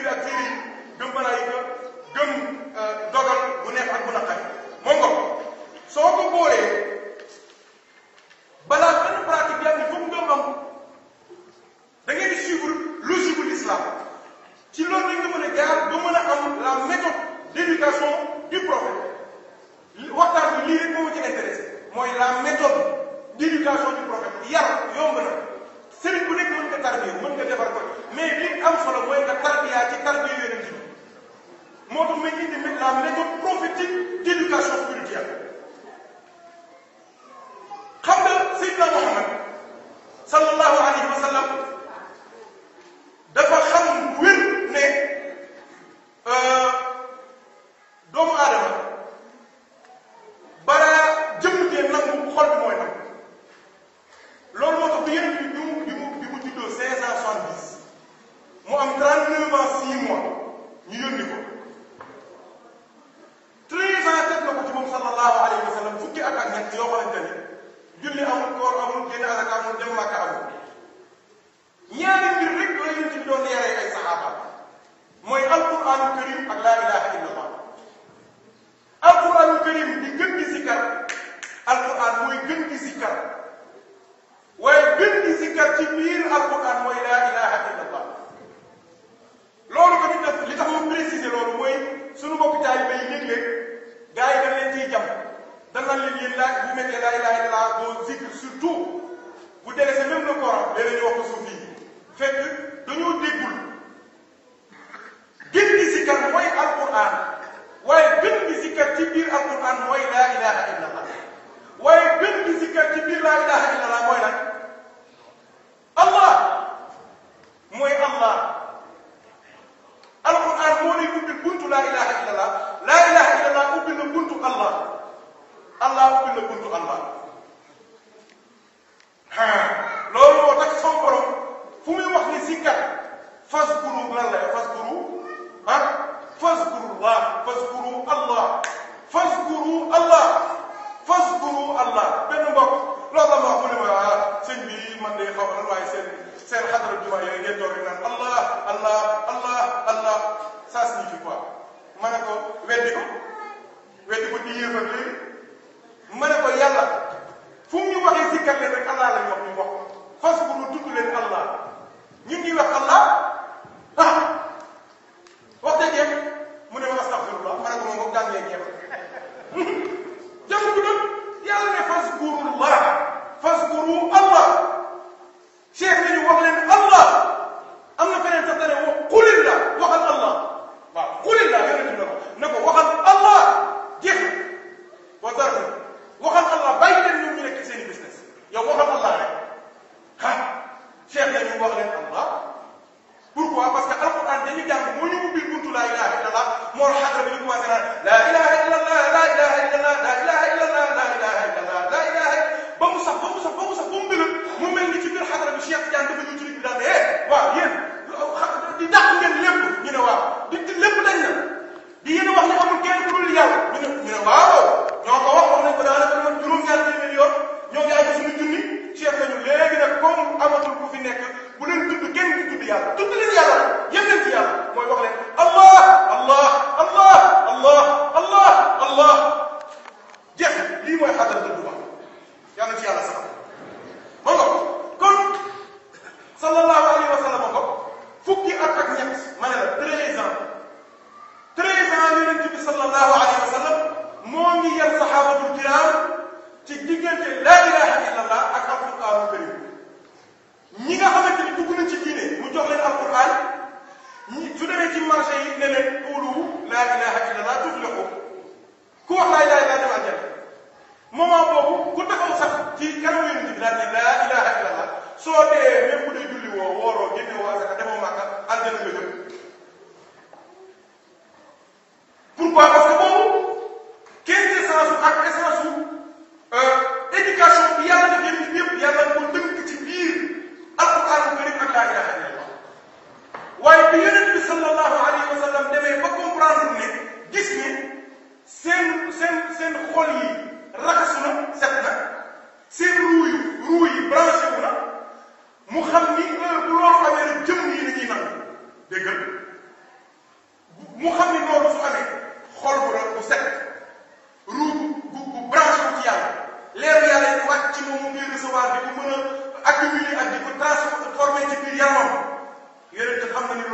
jullit ak jullit gëm malaayika gëm euh, dogal bu neex ak bu naqari moom nga ko soo ko boolee balaa benn pratique yàlla il faut mu gëm am da ngay suivre logique bu l'islam ci loolu la nga mën a jaar ba mën a am la méthode d'éducation du prophète waxtaan bi lii rek moo ci intéressé mooy la méthode d'éducation du prophète yar yomb na. sëriñ bu nekk mën nga tarbiya mën nga defar ko mais li am solo mooy nga tarbiya ci tarbiya yonent bi moo tax ma indi la méthode prophétique d'éducation spirituelle faites que cadre jumaa yooyu ngeen toog rek naan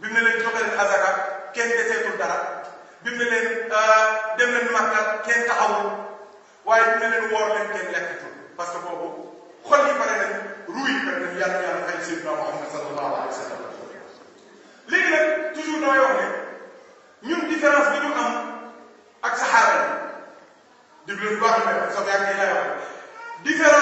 bi mu ne leen joxe leen azaka kenn deseetul dara bi mu ne leen dem leen màkka kenn taxawul waaye bi mu ne leen woor leen kenn lekkatul parce que boobu xol yi bare nañ ruuy bare nañ yàlla yàlla xay sayyidina Muhammad sallallahu alayhi wa sallam léegi nag toujours damay wax ne ñun différence bi ñu am ak saxaaba yi déglu lu baax la sa bàyyi ak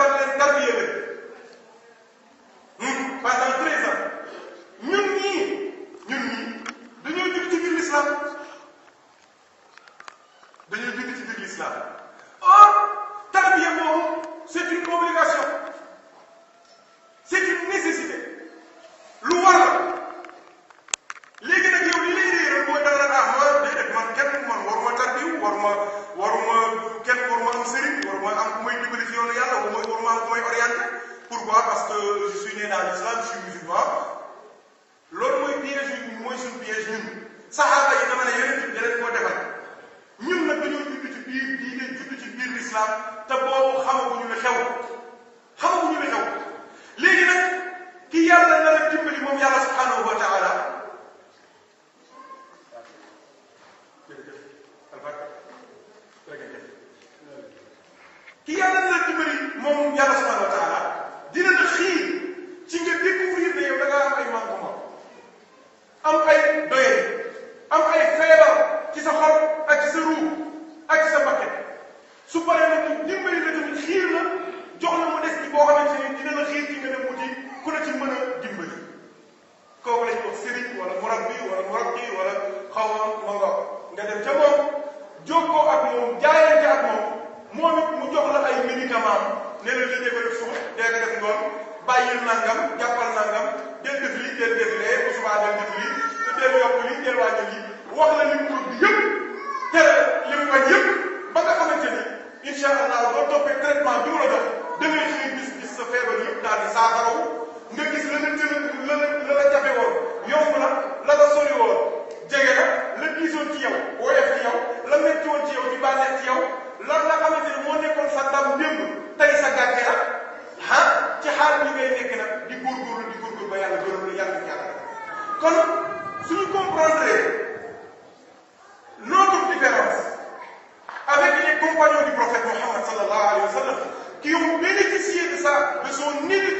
permanentemente nag te boobu xamaguñu la xew xamaguñu la xew léegi nag ki yàlla nar a dimbali moom yàlla subhanahu wa taala ki yàlla nar a dimbali moom yàlla subhanahu wa taala moom jaayante ak moom moom it mu jox la ay médicament nee na lii def suba dee ko def ngoon bàyyil nangam jàppal nangam del def del def lee bu del def del yokk lii del wàññi lii wax li mu bëgg yëpp ba nga xamante ni incha allah boo toppee traitement bi mu la jox da ngay xëy gis sa feebar yëpp daal di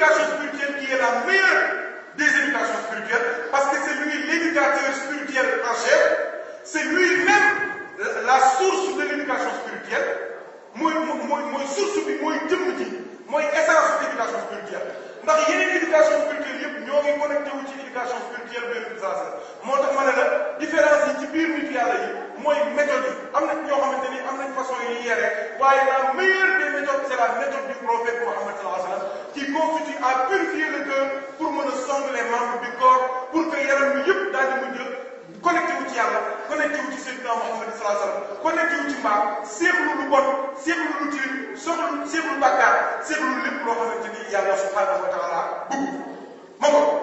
l'éducation spirituelle qui est la meilleure des éducations spirituelles, parce que c'est lui l'éducateur spirituel en chef, c'est lui-même la source de l'éducation spirituelle, moi moi moi source bi moi, moi, moi, moi essence de l'éducation spirituelle ndax une éducation spirituelle yëpp ñoo connecté wu ci éducation spirituelle de l'Église moo tax ma ne la différence yi ci biir nit yàlla yi mooy les amna ñoo xamanteni ni am nañ façon yu yére waaye la meilleure des méthodes c'est la méthode du prophète Mohammed sallallahu alayhi wa sallam qui constitue à purifier le cœur pour mën a song les membres du corps pour que yaram bi yëpp daal di mujj connecté wu ci yàlla connecté wu ci Seydina Mohammed sallallahu alayhi wa sallam connecté wu ci maam seexlu lu bon seexlu lu tilim soxlu seexlu bàkkaar seexlu lépp loo xamante ni yàlla subhanahu wa taala bëgg ma ko